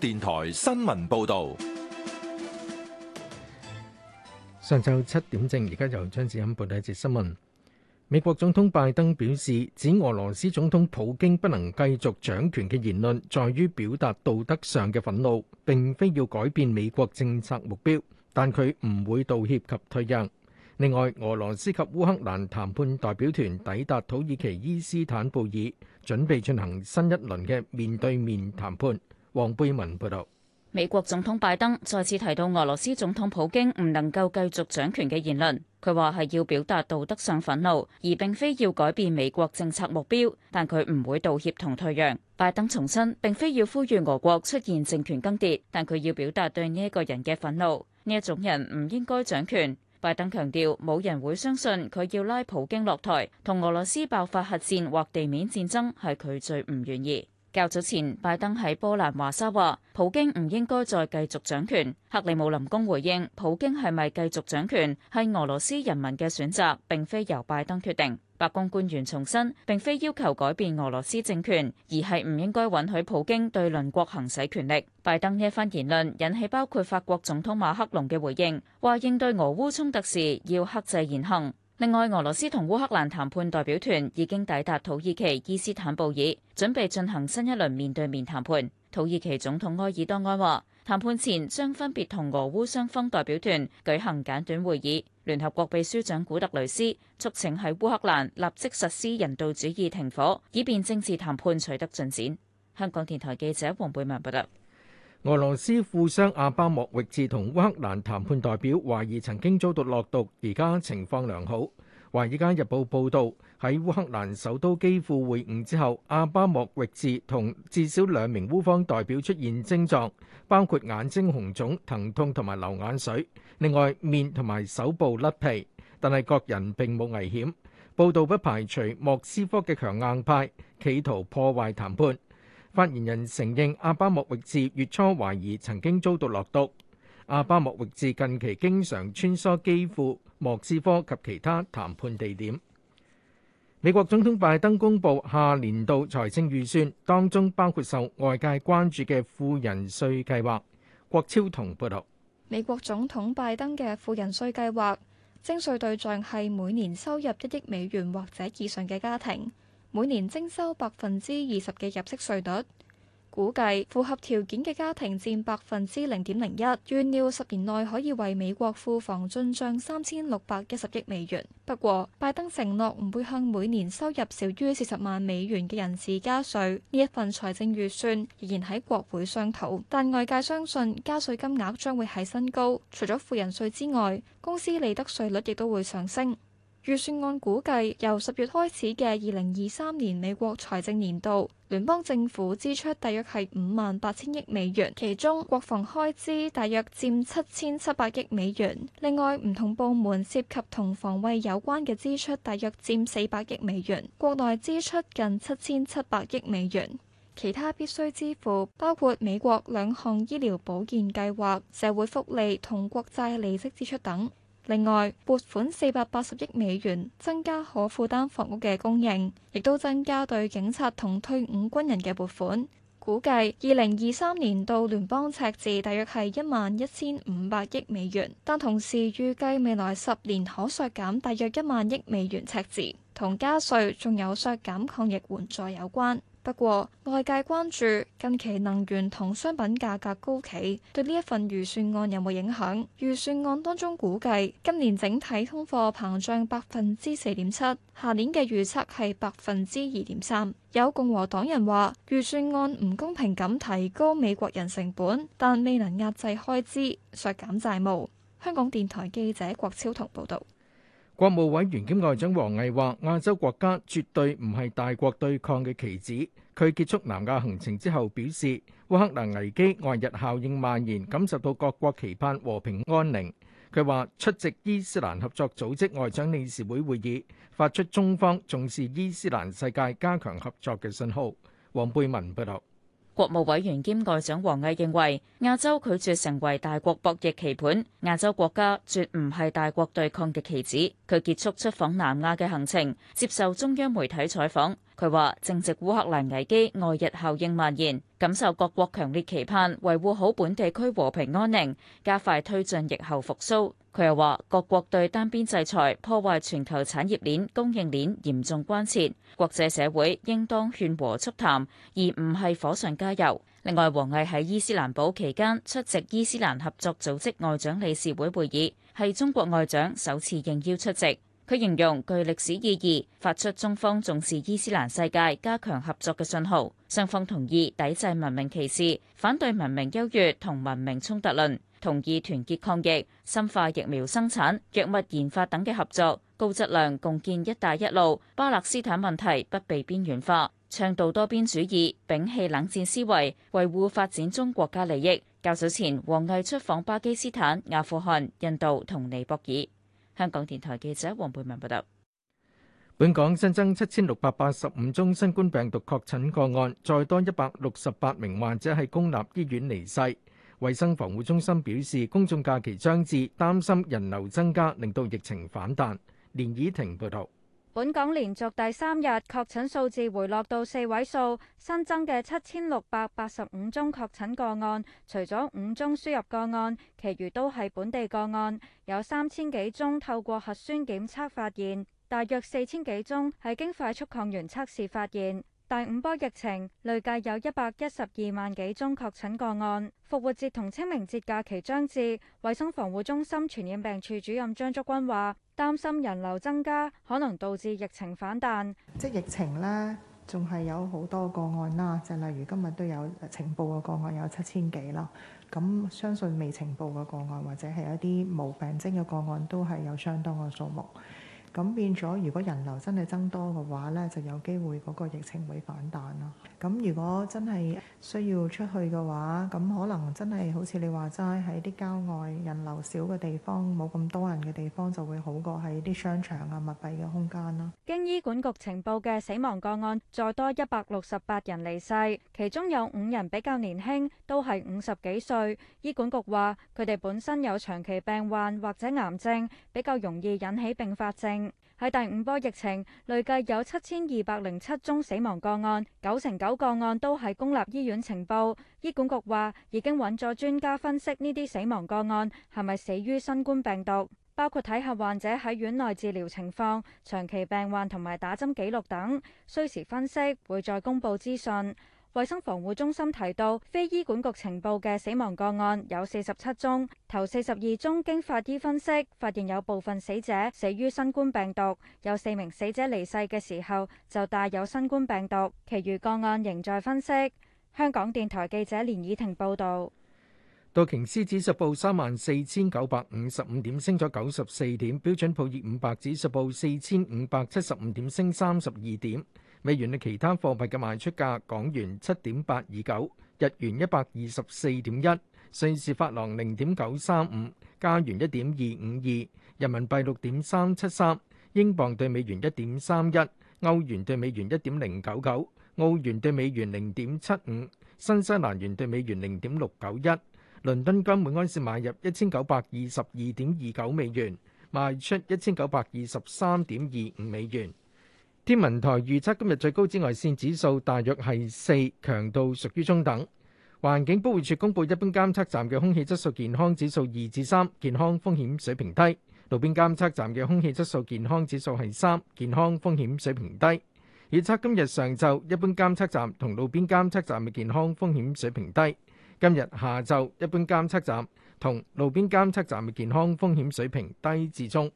電台新聞報道，上晝七點正，而家由張志欣報道一節新聞。美國總統拜登表示，指俄羅斯總統普京不能繼續掌權嘅言論，在於表達道德上嘅憤怒，并非要改變美國政策目標，但佢唔會道歉及退讓。另外，俄羅斯及烏克蘭談判代表團抵達土耳其伊斯坦布爾，準備進行新一輪嘅面對面談判。黃貝文報道，美國總統拜登再次提到俄羅斯總統普京唔能夠繼續掌權嘅言論。佢話係要表達道德上憤怒，而並非要改變美國政策目標。但佢唔會道歉同退讓。拜登重申，並非要呼籲俄國出現政權更迭，但佢要表達對呢一個人嘅憤怒。呢一種人唔應該掌權。拜登強調，冇人會相信佢要拉普京落台，同俄羅斯爆發核戰或地面戰爭係佢最唔願意。較早前，拜登喺波蘭華沙話，普京唔應該再繼續掌權。克里姆林宮回應，普京係咪繼續掌權，係俄羅斯人民嘅選擇，並非由拜登決定。白宮官員重申，並非要求改變俄羅斯政權，而係唔應該允許普京對鄰國行使權力。拜登呢番言論引起包括法國總統馬克龍嘅回應，話應對俄烏衝突時要克制言行。另外，俄羅斯同烏克蘭談判代表團已經抵達土耳其伊斯坦布爾，準備進行新一輪面對面談判。土耳其總統埃爾多安話，談判前將分別同俄烏雙方代表團舉行簡短會議。聯合國秘書長古特雷斯促請喺烏克蘭立即實施人道主義停火，以便政治談判取得進展。香港電台記者黃貝文報道。俄羅斯富商阿巴莫域治同烏克蘭談判代表懷疑曾經遭到落毒，而家情況良好。《華爾街日報》報道，喺烏克蘭首都基輔會晤之後，阿巴莫域治同至少兩名烏方代表出現症狀，包括眼睛紅腫、疼痛同埋流眼水。另外，面同埋手部甩皮，但係各人並冇危險。報道不排除莫斯科嘅強硬派企圖破壞談判。發言人承認，阿巴莫域治月初懷疑曾經遭到落毒。阿巴莫域治近期經常穿梭基輔、莫斯科及其他談判地點。美國總統拜登公布下年度財政預算，當中包括受外界關注嘅富人稅計劃。郭超同報道，美國總統拜登嘅富人稅計劃徵稅對象係每年收入一億美元或者以上嘅家庭。每年徵收百分之二十嘅入息稅率，估計符合條件嘅家庭佔百分之零點零一，預料十年內可以為美國庫房進帳三千六百一十億美元。不過，拜登承諾唔會向每年收入少於四十萬美元嘅人士加稅。呢一份財政預算仍然喺國會商討，但外界相信加稅金額將會喺新高。除咗富人稅之外，公司利得稅率亦都會上升。預算案估計，由十月開始嘅二零二三年美國財政年度，聯邦政府支出大約係五萬八千億美元，其中國防開支大約佔七千七百億美元。另外，唔同部門涉及同防衛有關嘅支出大約佔四百億美元，國內支出近七千七百億美元。其他必須支付包括美國兩項醫療保健計劃、社會福利同國債利息支出等。另外，撥款四百八十億美元，增加可負擔房屋嘅供應，亦都增加對警察同退伍軍人嘅撥款。估計二零二三年度聯邦赤字大約係一萬一千五百億美元，但同時預計未來十年可削減大約一萬億美元赤字，同加稅仲有削減抗疫援助有關。不過外界關注近期能源同商品價格高企，對呢一份預算案有冇影響？預算案當中估計今年整體通貨膨脹百分之四點七，下年嘅預測係百分之二點三。有共和黨人話預算案唔公平，咁提高美國人成本，但未能壓制開支，削減債務。香港電台記者郭超同報道。國務委員兼外長王毅話：亞洲國家絕對唔係大國對抗嘅棋子。佢結束南亞行程之後表示，烏克蘭危機外日效應蔓延，感受到各國期盼和平安寧。佢話出席伊斯蘭合作組織外長理事會會議，發出中方重視伊斯蘭世界加強合作嘅信號。王貝文報道。國務委員兼外長王毅認為，亞洲拒絕成為大國博弈棋盤，亞洲國家絕唔係大國對抗嘅棋子。佢結束出訪南亞嘅行程，接受中央媒體採訪。佢話正值烏克蘭危機外日效應蔓延，感受各國強烈期盼維護好本地區和平安寧，加快推進疫後復甦。佢又話各國對單邊制裁破壞全球產業鏈供應鏈嚴重關切，國際社會應當勸和促談，而唔係火上加油。另外，王毅喺伊斯蘭堡期間出席伊斯蘭合作組織外長理事會會議，係中國外長首次應邀出席。佢形容具歷史意義，發出中方重視伊斯蘭世界、加強合作嘅信號。雙方同意抵制文明歧視、反對文明優越同文明衝突論，同意團結抗疫、深化疫苗生產、藥物研發等嘅合作，高質量共建「一帶一路」。巴勒斯坦問題不被邊緣化，倡導多邊主義，摒棄冷戰思維，維護發展中國家利益。較早前，王毅出訪巴基斯坦、阿富汗、印度同尼泊爾。香港電台記者黃佩文報道。本港新增七千六百八十五宗新冠病毒確診個案，再多一百六十八名患者喺公立醫院離世。衛生防護中心表示，公眾假期將至，擔心人流增加，令到疫情反彈。連綺婷報道。本港連續第三日確診數字回落到四位數，新增嘅七千六百八十五宗確診個案，除咗五宗輸入個案，其餘都係本地個案，有三千幾宗透過核酸檢測發現，大約四千幾宗係經快速抗原測試發現。第五波疫情累計有一百一十二萬幾宗確診個案。復活節同清明節假期將至，衛生防護中心傳染病處主任張竹君話。擔心人流增加可能導致疫情反彈，即疫情咧仲係有好多個案啦，就例如今日都有呈報嘅個案有七千幾啦，咁相信未呈報嘅個案或者係一啲無病徵嘅個案都係有相當嘅數目，咁變咗如果人流真係增多嘅話咧，就有機會嗰個疫情會反彈咯。咁如果真係需要出去嘅話，咁可能真係好似你話齋，喺啲郊外人流少嘅地方，冇咁多人嘅地方就會好過喺啲商場啊，密閉嘅空間啦。經醫管局呈報嘅死亡個案再多一百六十八人離世，其中有五人比較年輕，都係五十幾歲。醫管局話佢哋本身有長期病患或者癌症，比較容易引起併發症。喺第五波疫情，累計有七千二百零七宗死亡個案，九成九個案都係公立醫院呈報。醫管局話已經揾咗專家分析呢啲死亡個案係咪死於新冠病毒，包括睇下患者喺院內治療情況，長期病患同埋打針記錄等，需時分析，會再公布資訊。衛生防護中心提到，非醫管局情報嘅死亡個案有四十七宗，頭四十二宗經法醫分析，發現有部分死者死於新冠病毒，有四名死者離世嘅時候就帶有新冠病毒，其餘個案仍在分析。香港電台記者連以婷報道。道瓊斯指數報三萬四千九百五十五點，升咗九十四點；標準普爾五百指數報四千五百七十五點，升三十二點。美元嘅其他貨幣嘅賣出價：港元七點八二九，日元一百二十四點一，瑞士法郎零點九三五，加元一點二五二，人民幣六點三七三，英鎊對美元一點三一，歐元對美元一點零九九，澳元對美元零點七五，新西蘭元對美元零點六九一。倫敦金每安士買入一千九百二十二點二九美元，賣出一千九百二十三點二五美元。天文台預測今日最高紫外線指數大約係四，強度屬於中等。環境保護署公佈一般監測站嘅空氣質素健康指數二至三，3，健康風險水平低；路邊監測站嘅空氣質素健康指數係三，健康風險水平低。預測今日上晝一般監測站同路邊監測站嘅健康風險水平低。今日下晝一般監測站同路邊監測站嘅健康風險水平低至中。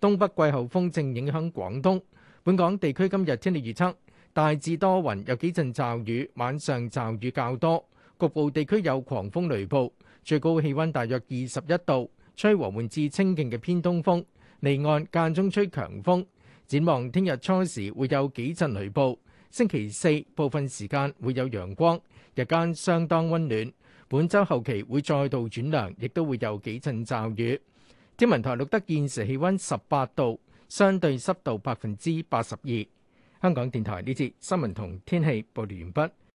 東北季候風正影響廣東。本港地區今日天氣預測，大致多雲，有幾陣驟雨，晚上驟雨較多，局部地區有狂風雷暴。最高氣溫大約二十一度，吹和緩至清勁嘅偏東風，離岸間中吹強風。展望聽日初時會有幾陣雷暴。星期四部分時間會有陽光，日間相當温暖。本周後期會再度轉涼，亦都會有幾陣驟雨。天文台錄得現時氣温十八度。相對濕度百分之八十二。香港電台呢節新聞同天氣報道完畢。